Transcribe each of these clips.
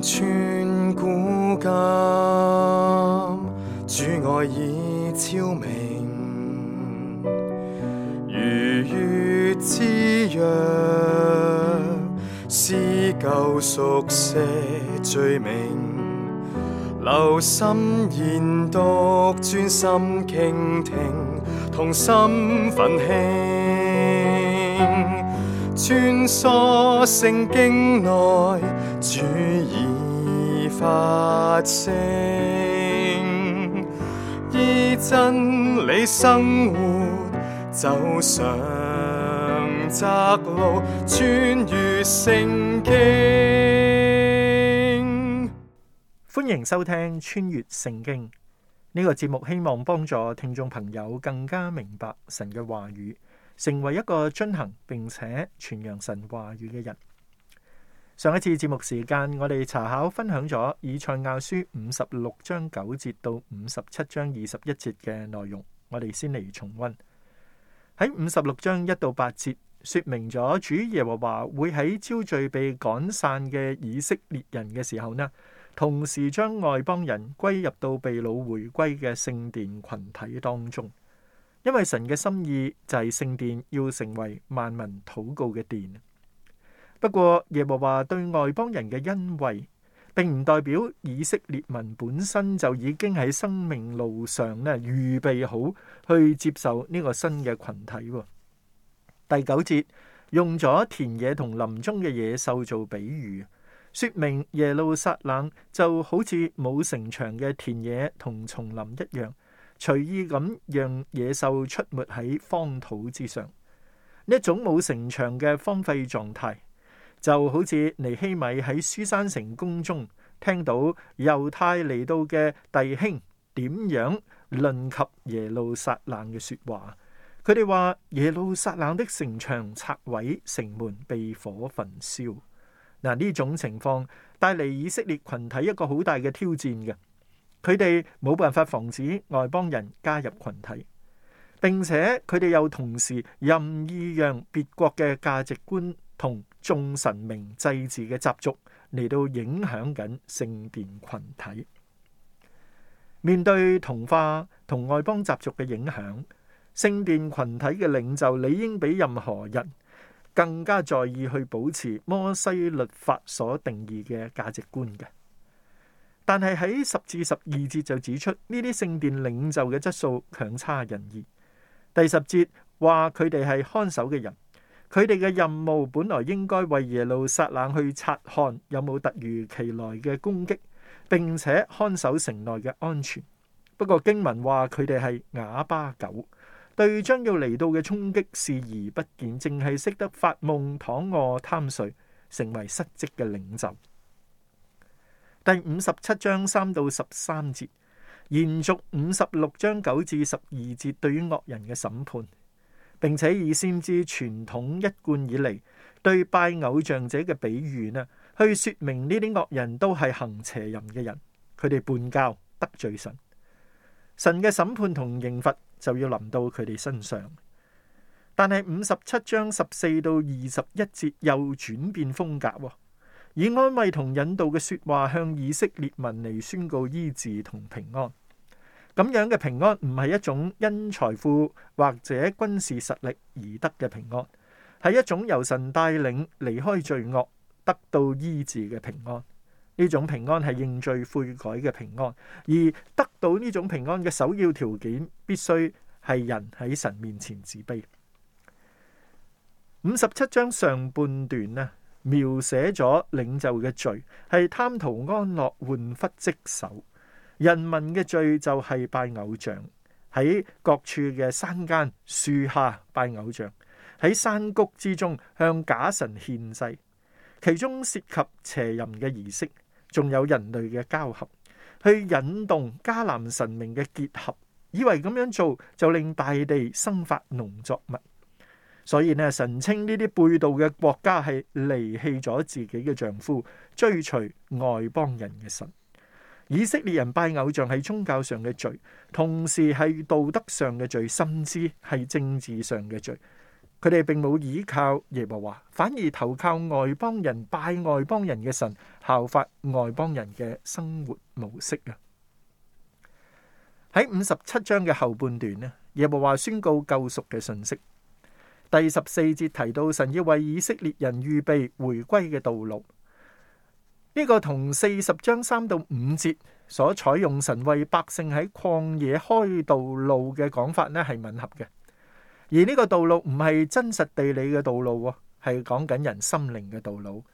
穿古今主愛已昭明。如月之約，撕舊熟寫罪名。留心研讀，專心傾聽，同心奮興。穿梭聖經內，主已發聲，依真理生活，走上窄路，穿越聖經。歡迎收聽《穿越聖經》呢、這個節目，希望幫助聽眾朋友更加明白神嘅話語。成為一個遵行，並且傳揚神話語嘅人。上一次節目時間，我哋查考分享咗以賽亞書五十六章九節到五十七章二十一節嘅內容，我哋先嚟重溫。喺五十六章一到八節，說明咗主耶和華會喺招聚被趕散嘅以色列人嘅時候呢，同時將外邦人歸入到被擄回歸嘅聖殿群體當中。因為神嘅心意就係聖殿要成為萬民禱告嘅殿。不過耶和華對外邦人嘅恩惠，並唔代表以色列民本身就已經喺生命路上咧預備好去接受呢個新嘅群體。第九節用咗田野同林中嘅野獸做比喻，說明耶路撒冷就好似冇城牆嘅田野同叢林一樣。隨意咁讓野獸出沒喺荒土之上，一種冇城牆嘅荒廢狀態，就好似尼希米喺書珊城宮中聽到猶太嚟到嘅弟兄點樣論及耶路撒冷嘅說話，佢哋話耶路撒冷的城牆拆毀，城門被火焚燒，嗱，呢種情況帶嚟以色列群體一個好大嘅挑戰嘅。佢哋冇辦法防止外邦人加入群體，並且佢哋又同時任意讓別國嘅價值觀同眾神明祭祀嘅習俗嚟到影響緊聖殿群體。面對同化同外邦習俗嘅影響，聖殿群體嘅領袖理應比任何人更加在意去保持摩西律法所定義嘅價值觀嘅。但係喺十至十二節就指出呢啲聖殿領袖嘅質素強差人意。第十節話佢哋係看守嘅人，佢哋嘅任務本來應該為耶路撒冷去察看有冇突如其來嘅攻擊，並且看守城內嘅安全。不過經文話佢哋係啞巴狗，對將要嚟到嘅衝擊視而不見，淨係識得發夢、躺臥、貪睡，成為失職嘅領袖。第五十七章三到十三節，延續五十六章九至十二節對於惡人嘅審判，並且以先知傳統一貫以嚟對拜偶像者嘅比喻呢，去說明呢啲惡人都係行邪淫嘅人，佢哋叛教得罪神，神嘅審判同刑罰就要臨到佢哋身上。但係五十七章十四到二十一節又轉變風格。以安慰同引導嘅說話向以色列民嚟宣告醫治同平安。咁樣嘅平安唔係一種因財富或者軍事實力而得嘅平安，係一種由神帶領離開罪惡、得到醫治嘅平安。呢種平安係認罪悔改嘅平安，而得到呢種平安嘅首要條件，必須係人喺神面前自卑。五十七章上半段呢，描寫咗領袖嘅罪係貪圖安樂，玩忽職守；人民嘅罪就係拜偶像，喺各處嘅山間樹下拜偶像，喺山谷之中向假神獻祭，其中涉及邪淫嘅儀式，仲有人類嘅交合，去引動迦南神明嘅結合，以為咁樣做就令大地生發農作物。所以呢，神稱呢啲背道嘅國家係離棄咗自己嘅丈夫，追隨外邦人嘅神。以色列人拜偶像係宗教上嘅罪，同時係道德上嘅罪，甚至係政治上嘅罪。佢哋並冇依靠耶和華，反而投靠外邦人，拜外邦人嘅神，效法外邦人嘅生活模式啊。喺五十七章嘅後半段咧，耶和華宣告救贖嘅信息。第十四節提到，神要為以色列人預備回歸嘅道路，呢個同四十章三到五節所採用神為百姓喺曠野開道路嘅講法呢係吻合嘅。而呢個道路唔係真實地理嘅道路喎，係講緊人心靈嘅道路。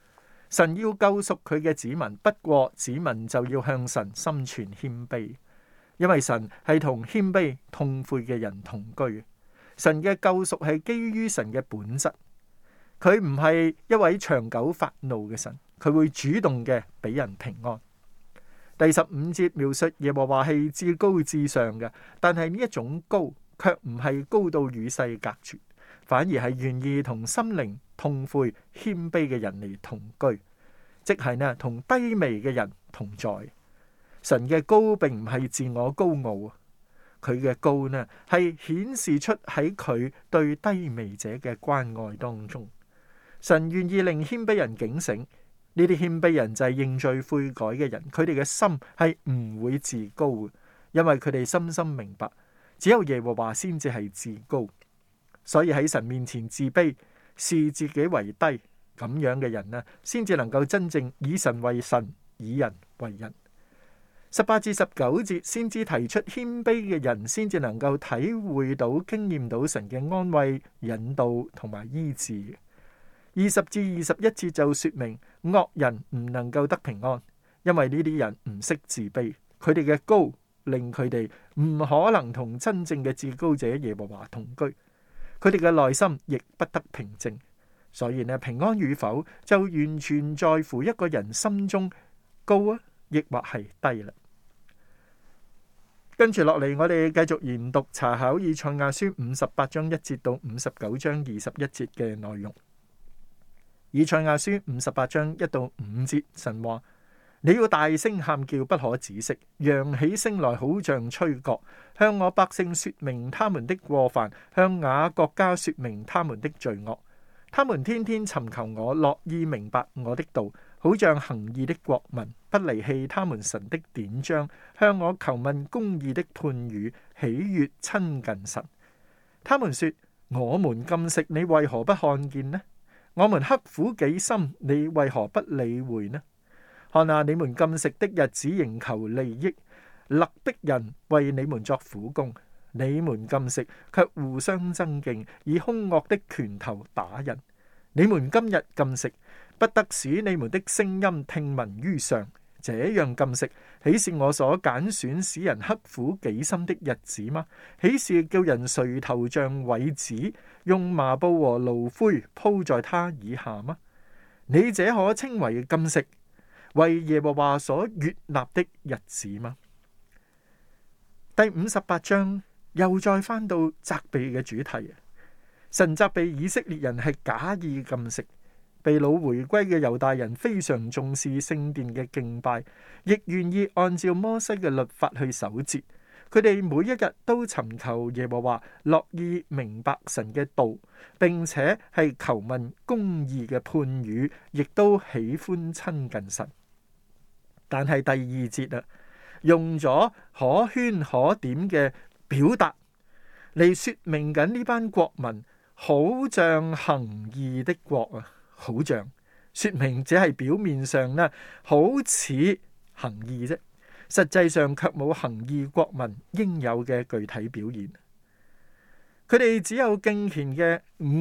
神要救贖佢嘅子民，不過子民就要向神心存謙卑，因為神係同謙卑痛悔嘅人同居。神嘅救贖係基於神嘅本質，佢唔係一位長久發怒嘅神，佢會主動嘅俾人平安。第十五節描述耶和華係至高至上嘅，但係呢一種高卻唔係高到與世隔絕，反而係願意同心靈痛悔謙卑嘅人嚟同居，即係呢同低微嘅人同在。神嘅高並唔係自我高傲。佢嘅高呢，係顯示出喺佢對低微者嘅關愛當中，神願意令謙卑人警醒，呢啲謙卑人就係認罪悔改嘅人，佢哋嘅心係唔會自高嘅，因為佢哋深深明白，只有耶和華先至係自高，所以喺神面前自卑，視自己為低，咁樣嘅人呢，先至能夠真正以神為神，以人為人。十八至十九節先至提出謙卑嘅人，先至能夠體會到，經驗到神嘅安慰、引導同埋醫治。二十至二十一節就説明惡人唔能夠得平安，因為呢啲人唔識自卑，佢哋嘅高令佢哋唔可能同真正嘅至高者耶和華同居，佢哋嘅內心亦不得平靜。所以呢，平安與否就完全在乎一個人心中高啊，亦或係低啦。跟住落嚟，我哋繼續研讀查考以賽亞書五十八章一節到五十九章二十一節嘅內容。以賽亞書五十八章一到五節，神話你要大聲喊叫，不可止息，揚起聲來，好像吹角，向我百姓説明他們的過犯，向雅各家説明他們的罪惡。他們天天尋求我，樂意明白我的道，好像行義的國民。不離棄他們神的典章，向我求問公義的判語，喜悦親近神。他們說：我們禁食，你為何不看見呢？我們刻苦己心，你為何不理會呢？看哪，你們禁食的日子，仍求利益，勒逼人為你們作苦工。你們禁食，却互相爭競，以凶惡的拳頭打人。你們今日禁食，不得使你們的聲音聽聞於上。這樣禁食，豈是我所揀選使人刻苦己心的日子嗎？豈是叫人垂頭像葦子，用麻布和爐灰鋪在他以下嗎？你這可稱為禁食，為耶和華所悅納的日子嗎？第五十八章又再翻到責備嘅主題，神責備以色列人係假意禁食。被擄回歸嘅猶大人非常重視聖殿嘅敬拜，亦願意按照摩西嘅律法去守節。佢哋每一日都尋求耶和華，樂意明白神嘅道，並且係求問公義嘅判語，亦都喜歡親近神。但係第二節啊，用咗可圈可點嘅表達嚟，說明緊呢班國民，好像行義的國啊。好像，說明只係表面上呢，好似行義啫，實際上卻冇行義，國民應有嘅具體表現。佢哋只有敬虔嘅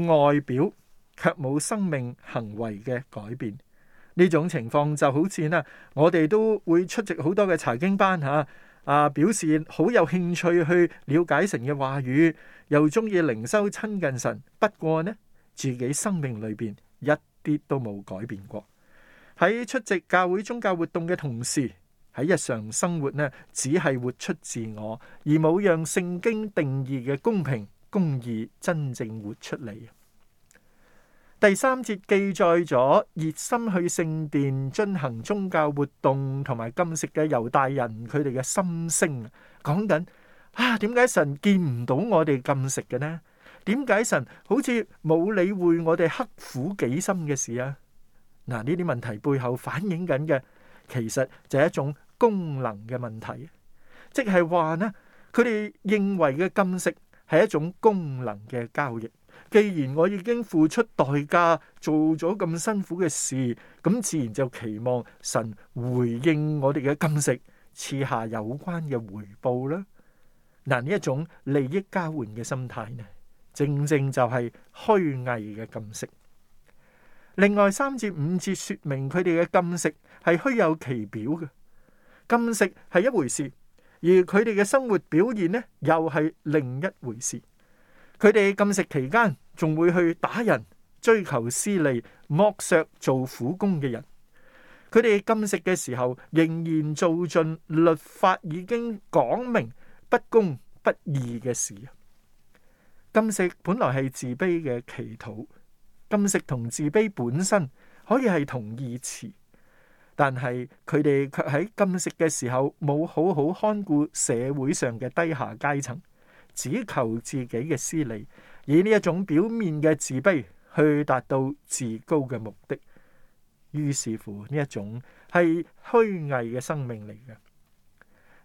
外表，卻冇生命行為嘅改變。呢種情況就好似呢，我哋都會出席好多嘅查經班吓，啊，表示好有興趣去了解神嘅話語，又中意靈修親近神。不過呢，自己生命裡邊。一啲都冇改變過，喺出席教會宗教活動嘅同時，喺日常生活呢，只係活出自我，而冇讓聖經定義嘅公平、公義真正活出嚟。第三節記載咗熱心去聖殿進行宗教活動同埋禁食嘅猶大人，佢哋嘅心聲，講緊啊，點解神見唔到我哋禁食嘅呢？點解神好似冇理會我哋刻苦己心嘅事啊？嗱，呢啲問題背後反映緊嘅，其實就係一種功能嘅問題，即係話呢，佢哋認為嘅禁食係一種功能嘅交易。既然我已經付出代價做咗咁辛苦嘅事，咁自然就期望神回應我哋嘅禁食，賜下有關嘅回報啦。嗱，呢一種利益交換嘅心態呢。正正就係虛偽嘅禁食。另外三至五節說明佢哋嘅禁食係虛有其表嘅，禁食係一回事，而佢哋嘅生活表現呢，又係另一回事。佢哋禁食期間仲會去打人、追求私利、剝削做苦工嘅人。佢哋禁食嘅時候，仍然做盡律法已經講明不公不義嘅事。禁食本來係自卑嘅祈禱，禁食同自卑本身可以係同義詞，但係佢哋卻喺禁食嘅時候冇好好看顧社會上嘅低下階層，只求自己嘅私利，以呢一種表面嘅自卑去達到自高嘅目的，於是乎呢一種係虛偽嘅生命嚟嘅。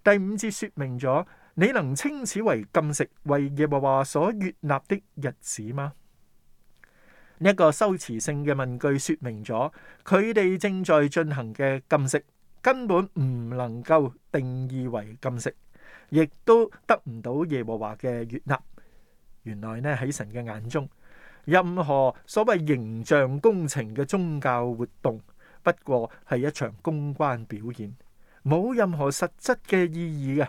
第五節說明咗。你能稱此為禁食，為耶和華所悅納的日子嗎？呢一個修辭性嘅問句說明咗，佢哋正在進行嘅禁食根本唔能夠定義為禁食，亦都得唔到耶和華嘅悅納。原來呢，喺神嘅眼中，任何所謂形象工程嘅宗教活動，不過係一場公關表演，冇任何實質嘅意義嘅。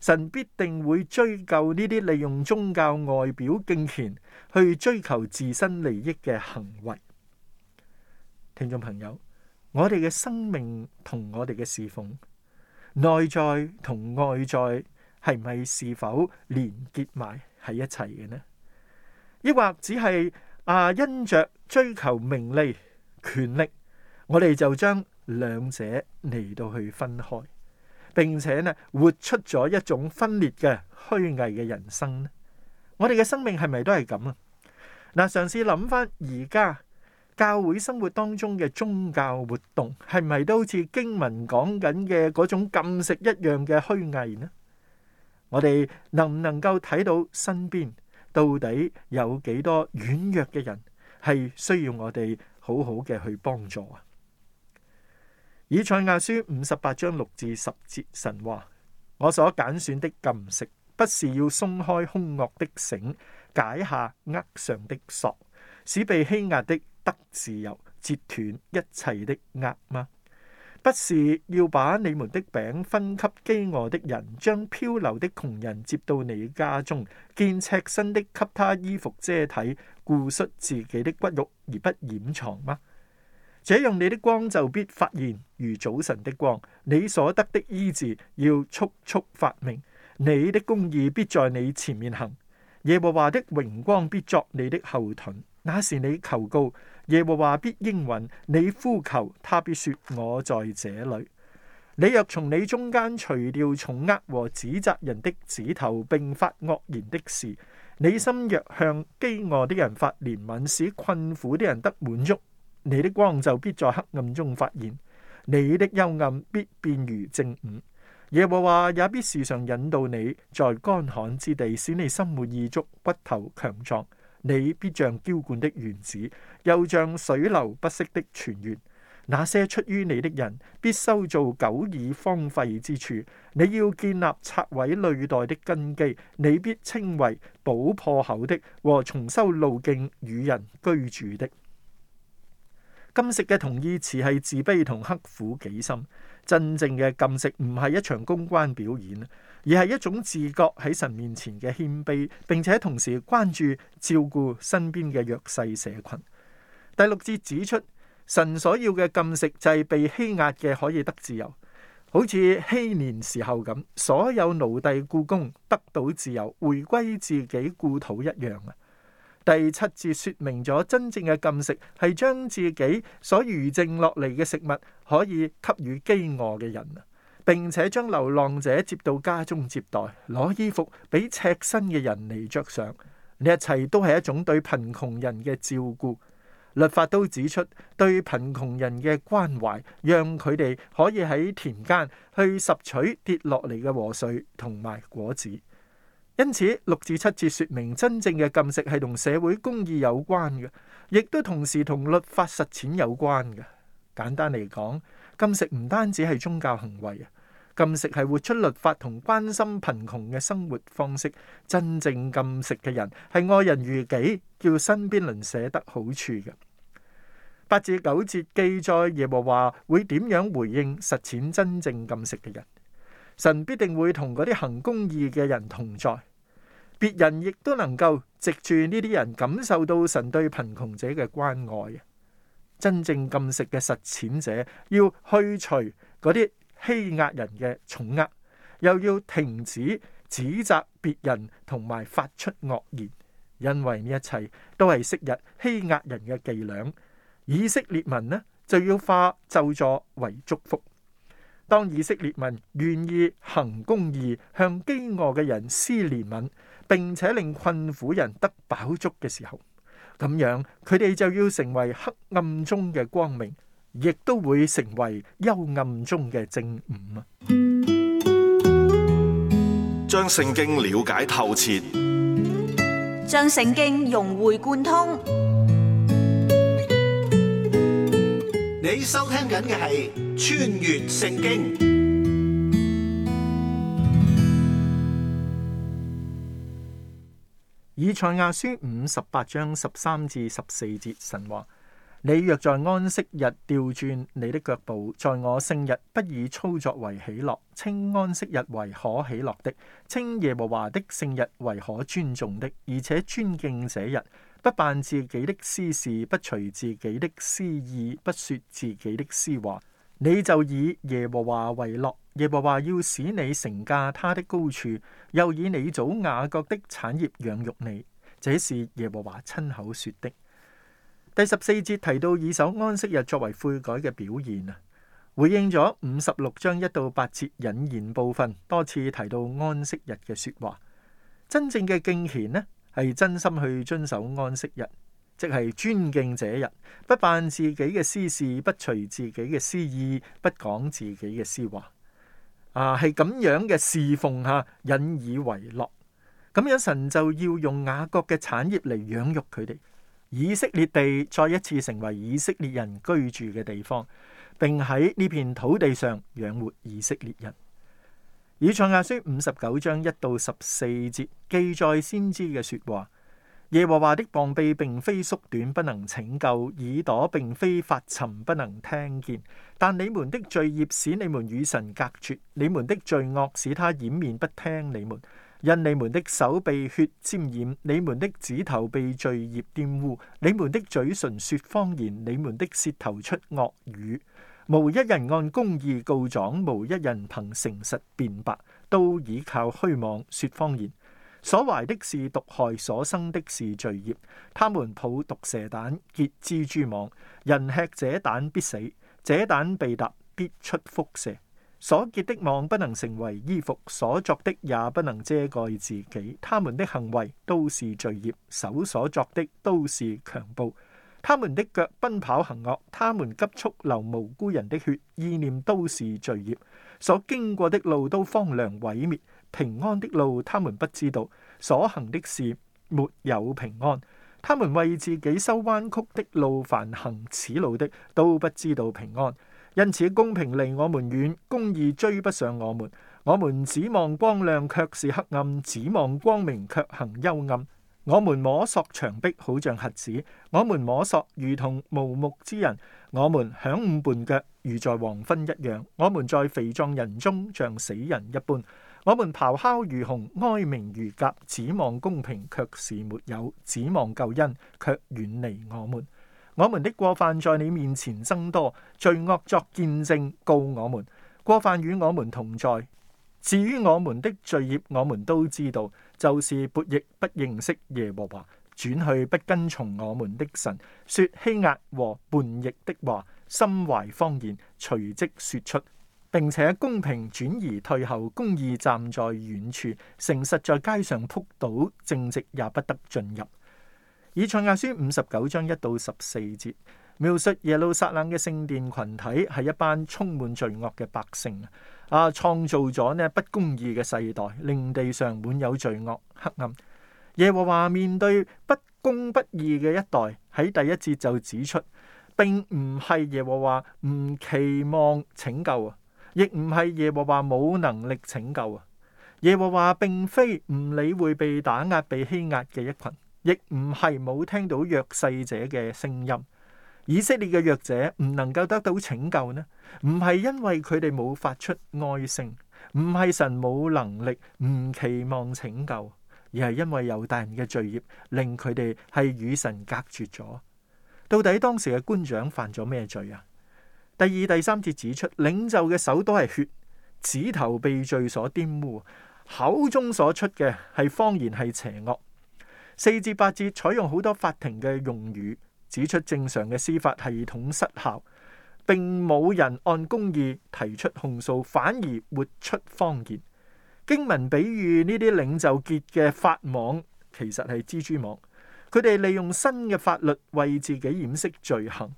神必定會追究呢啲利用宗教外表敬虔去追求自身利益嘅行為。聽眾朋友，我哋嘅生命同我哋嘅侍奉，內在同外在係唔係是否連結埋喺一齊嘅呢？抑或只係啊因着追求名利權力，我哋就將兩者嚟到去分開？並且呢，活出咗一種分裂嘅虛偽嘅人生呢，我哋嘅生命係咪都係咁啊？嗱，嘗試諗翻而家教會生活當中嘅宗教活動，係咪都好似經文講緊嘅嗰種禁食一樣嘅虛偽呢？我哋能唔能夠睇到身邊到底有幾多軟弱嘅人係需要我哋好好嘅去幫助啊？以賽亞書五十八章六至十節神話，我所揀選的禁食，不是要鬆開兇惡的繩，解下軛上的索，使被欺壓的得自由，折斷一切的軛嗎？不是要把你們的餅分給飢餓的人，將漂流的窮人接到你家中，見赤身的給他衣服遮體，顧恤自己的骨肉而不掩藏嗎？這樣你的光就必發現如早晨的光，你所得的醫治要速速發明，你的公義必在你前面行，耶和華的榮光必作你的後盾。那時你求告，耶和華必應允；你呼求，他必說：我在這裏。你若從你中間除掉重軛和指責人的指頭，並發惡言的事，你心若向饑餓的人發憐憫，使困苦的人得滿足。你的光就必在黑暗中發現，你的幽暗必變如正午。耶和華也必時常引導你，在乾旱之地使你心滿意足，骨頭強壯。你必像澆灌的園子，又像水流不息的泉源。那些出於你的人必修造久已荒廢之處。你要建立拆毀累代的根基，你必稱為補破口的和重修路徑與人居住的。禁食嘅同義詞係自卑同刻苦己心，真正嘅禁食唔係一場公關表演，而係一種自覺喺神面前嘅謙卑，並且同時關注照顧身邊嘅弱勢社群。第六節指出，神所要嘅禁食就係被欺壓嘅可以得自由，好似禧年時候咁，所有奴隸雇工得到自由，回歸自己故土一樣啊！第七節說明咗真正嘅禁食係將自己所餘剩落嚟嘅食物可以給予飢餓嘅人，並且將流浪者接到家中接待，攞衣服俾赤身嘅人嚟着上。呢一切都係一種對貧窮人嘅照顧。律法都指出對貧窮人嘅關懷，讓佢哋可以喺田間去拾取跌落嚟嘅禾穗同埋果子。因此，六至七節說明真正嘅禁食係同社會公義有關嘅，亦都同時同律法實踐有關嘅。簡單嚟講，禁食唔單止係宗教行為啊，禁食係活出律法同關心貧窮嘅生活方式。真正禁食嘅人係愛人如己，叫身邊人捨得好處嘅。八至九節記載耶和華會點樣回應實踐真正禁食嘅人。神必定會同嗰啲行公義嘅人同在，別人亦都能夠藉住呢啲人感受到神對貧窮者嘅關愛。真正禁食嘅實踐者，要去除嗰啲欺壓人嘅重壓，又要停止指責別人同埋發出惡言，因為呢一切都係昔日欺壓人嘅伎倆。以色列民呢就要化咒詛為祝福。當以色列民願意行公義，向飢餓嘅人施憐憫，並且令困苦人得飽足嘅時候，咁樣佢哋就要成為黑暗中嘅光明，亦都會成為幽暗中嘅正午啊！將聖經了解透徹，將聖經融會貫通。你收聽緊嘅係《穿越聖經》。以賽亞書五十八章十三至十四節神話：你若在安息日掉轉你的腳步，在我聖日不以操作為喜樂，稱安息日為可喜樂的，稱耶和華的聖日為可尊重的，而且尊敬這日。不辦自己的私事，不隨自己的私意，不說自己的私話，你就以耶和華為樂。耶和華要使你乘駕他的高處，又以你祖雅各的產業養育你。這是耶和華親口說的。第十四節提到以守安息日作為悔改嘅表現啊，回應咗五十六章一到八節引言部分多次提到安息日嘅說話。真正嘅敬虔呢？係真心去遵守安息日，即係尊敬者日，不辦自己嘅私事，不隨自己嘅私意，不講自己嘅私話。啊，係咁樣嘅侍奉下引以為樂。咁樣神就要用雅各嘅產業嚟養育佢哋，以色列地再一次成為以色列人居住嘅地方，並喺呢片土地上養活以色列人。以賽亞書五十九章一到十四節記載先知嘅說話：耶和華的膀臂並非縮短，不能拯救；耳朵並非發沉，不能聽見。但你們的罪孽使你們與神隔絕，你們的罪惡使他掩面不聽你們。因你們的手被血沾染，你們的指頭被罪孽玷污，你們的嘴唇說謊言，你們的舌頭出惡語。無一人按公義告狀，無一人憑誠實辯白，都倚靠虛妄説謊言。所懷的是毒害，所生的是罪孽。他們抱毒蛇蛋，結蜘蛛網。人吃這蛋必死，這蛋被踏必出輻射。所結的網不能成為衣服，所作的也不能遮蓋自己。他們的行為都是罪孽，手所作的都是強暴。他們的腳奔跑行惡，他們急速流無辜人的血，意念都是罪孽。所經過的路都荒涼毀滅，平安的路他們不知道，所行的事沒有平安。他們為自己修彎曲的路，凡行此路的都不知道平安。因此公平離我們遠，公義追不上我們。我們只望光亮，卻是黑暗；只望光明，卻行幽暗。我們摸索牆壁，好像瞎子；我們摸索，如同無目之人；我們晌午絆腳，如在黃昏一樣；我們在肥壯人中，像死人一般；我們咆哮如熊，哀鳴如鴿；指望公平，卻是沒有；指望救恩，卻遠離我們。我們的過犯在你面前增多，罪惡作見證告我們，過犯與我們同在。至於我們的罪孽，我們都知道。就是悖逆不認識耶和華，轉去不跟從我們的神，說欺壓和叛逆的話，心懷謊言，隨即說出，並且公平轉移退後，公義站在遠處，誠實在街上撲倒，正直也不得進入。以賽亞書五十九章一到十四節，描述耶路撒冷嘅聖殿群體係一班充滿罪惡嘅百姓。啊！創造咗呢不公義嘅世代，令地上滿有罪惡、黑暗。耶和華面對不公不義嘅一代，喺第一節就指出，並唔係耶和華唔期望拯救啊，亦唔係耶和華冇能力拯救啊。耶和華並非唔理會被打壓、被欺壓嘅一群，亦唔係冇聽到弱勢者嘅聲音。以色列嘅弱者唔能夠得到拯救呢？唔係因為佢哋冇發出哀聲，唔係神冇能力唔期望拯救，而係因為猶大人嘅罪孽令佢哋係與神隔絕咗。到底當時嘅官長犯咗咩罪啊？第二、第三節指出，領袖嘅手都係血，指頭被罪所玷污，口中所出嘅係謊言係邪惡。四至八節採用好多法庭嘅用語。指出正常嘅司法系統失效，並冇人按公義提出控訴，反而活出謊言。經文比喻呢啲領袖結嘅法網，其實係蜘蛛網。佢哋利用新嘅法律為自己掩飾罪行，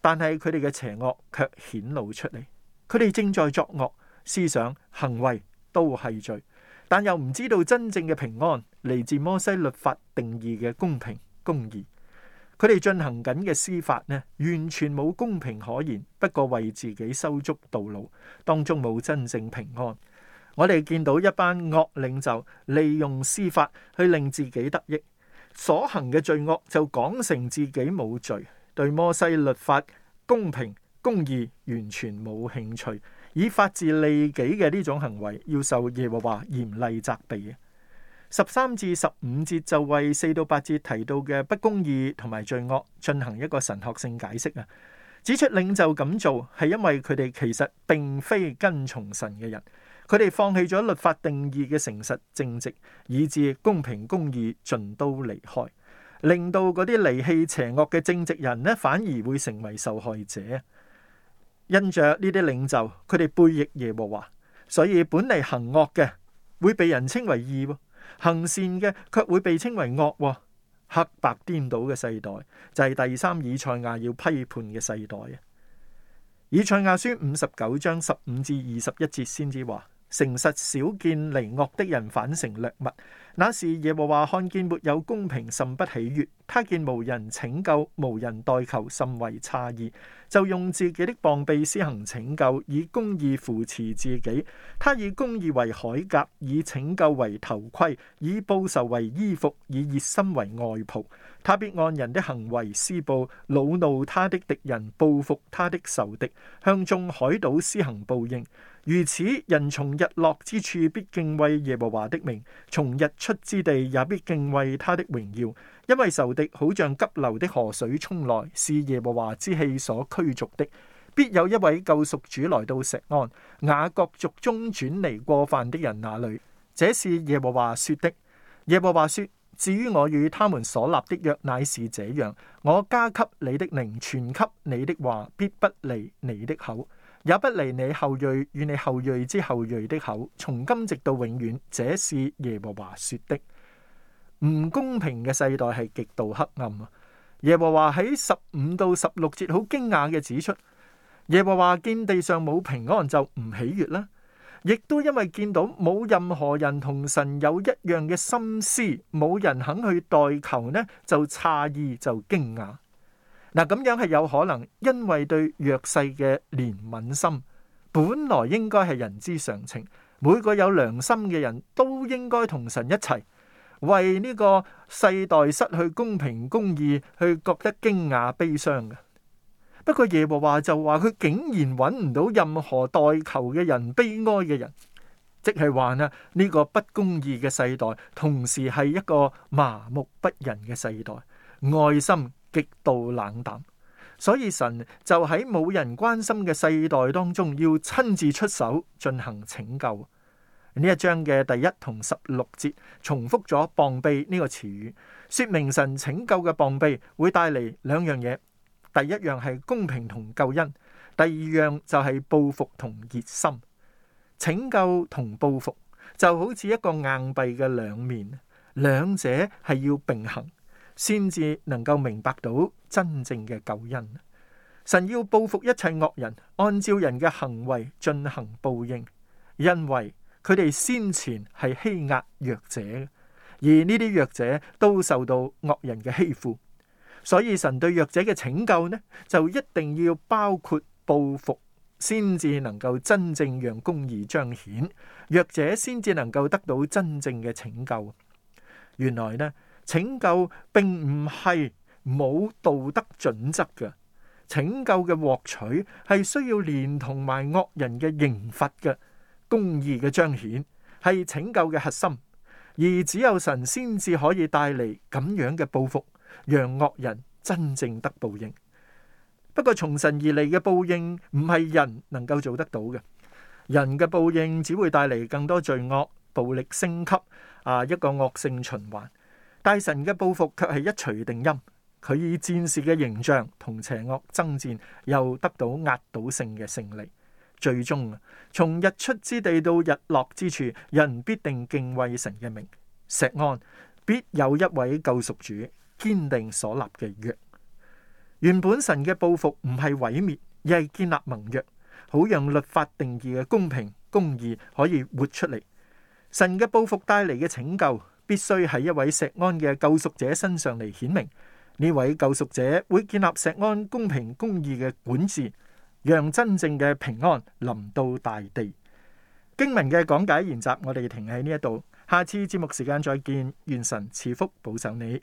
但係佢哋嘅邪惡卻顯露出嚟。佢哋正在作惡，思想、行為都係罪，但又唔知道真正嘅平安嚟自摩西律法定義嘅公平公義。佢哋進行緊嘅司法呢，完全冇公平可言，不過為自己收足道路，當中冇真正平安。我哋見到一班惡領袖利用司法去令自己得益，所行嘅罪惡就講成自己冇罪，對摩西律法公平公義完全冇興趣，以法治利己嘅呢種行為，要受耶和華嚴厲責備啊！十三至十五節就為四到八節提到嘅不公義同埋罪惡進行一個神學性解釋啊，指出領袖咁做係因為佢哋其實並非跟從神嘅人，佢哋放棄咗律法定義嘅誠實正直，以致公平公義盡都離開，令到嗰啲離棄邪惡嘅正直人呢，反而會成為受害者。因着呢啲領袖，佢哋背逆耶和華，所以本嚟行惡嘅會被人稱為義行善嘅卻會被稱為惡，哦，黑白顛倒嘅世代就係、是、第三以賽亞要批判嘅世代啊！以賽亞書五十九章十五至二十一節先至話。誠實少見，離惡的人反成掠物。那時話話，耶和華看見沒有公平，甚不喜悅。他見無人拯救，無人代求，甚為詫異，就用自己的棒臂施行拯救，以公義扶持自己。他以公義為鎧甲，以拯救為頭盔，以報仇為衣服，以熱心為外袍。他必按人的行為施報，惱怒他的敵人，報復他的仇敵，向眾海島施行報應。如此，人從日落之處必敬畏耶和華的名，從日出之地也必敬畏他的榮耀，因為仇敵好像急流的河水沖來，是耶和華之氣所驅逐的。必有一位救贖主來到錫安，雅各族中轉離過犯的人那裏。這是耶和華說的。耶和華說：至於我與他們所立的約乃是這樣，我加給你的靈，傳給你的話，必不離你的口。也不離你後裔，與你後裔之後裔的口，從今直到永遠。這是耶和華說的。唔公平嘅世代係極度黑暗啊！耶和華喺十五到十六節好驚訝嘅指出，耶和華見地上冇平安就唔喜悅啦，亦都因為見到冇任何人同神有一樣嘅心思，冇人肯去代求呢，就詫異就驚訝。嗱，咁樣係有可能，因為對弱勢嘅憐憫心，本來應該係人之常情。每個有良心嘅人都應該同神一齊，為呢個世代失去公平公義去覺得驚訝悲傷嘅。不過耶和華就話佢竟然揾唔到任何代求嘅人、悲哀嘅人，即係話呢，呢個不公義嘅世代，同時係一個麻木不仁嘅世代，愛心極度冷淡，所以神就喺冇人關心嘅世代當中，要親自出手進行拯救。呢一章嘅第一同十六節重複咗“膀臂”呢、這個詞語，說明神拯救嘅膀臂會帶嚟兩樣嘢：第一樣係公平同救恩，第二樣就係報復同熱心。拯救同報復就好似一個硬幣嘅兩面，兩者係要並行。先至能夠明白到真正嘅救恩。神要報復一切惡人，按照人嘅行為進行報應，因為佢哋先前係欺壓弱者，而呢啲弱者都受到惡人嘅欺負。所以神對弱者嘅拯救呢，就一定要包括報復，先至能夠真正讓公義彰顯，弱者先至能夠得到真正嘅拯救。原來呢，拯救並唔係冇道德準則嘅，拯救嘅獲取係需要連同埋惡人嘅刑罰嘅，公義嘅彰顯係拯救嘅核心，而只有神先至可以帶嚟咁樣嘅報復，讓惡人真正得報應。不過，從神而嚟嘅報應唔係人能夠做得到嘅，人嘅報應只會帶嚟更多罪惡、暴力升級啊，一個惡性循環。大神嘅報復卻係一錘定音，佢以戰士嘅形象同邪惡爭戰，又得到壓倒性嘅勝利。最終啊，從日出之地到日落之處，人必定敬畏神嘅名。錫安必有一位救贖主，堅定所立嘅約。原本神嘅報復唔係毀滅，而係建立盟約，好讓律法定義嘅公平公義可以活出嚟。神嘅報復帶嚟嘅拯救。必須喺一位錫安嘅救贖者身上嚟顯明，呢位救贖者會建立錫安公平公義嘅管治，讓真正嘅平安臨到大地。經文嘅講解研習，我哋停喺呢一度，下次節目時間再見，願神賜福保守你。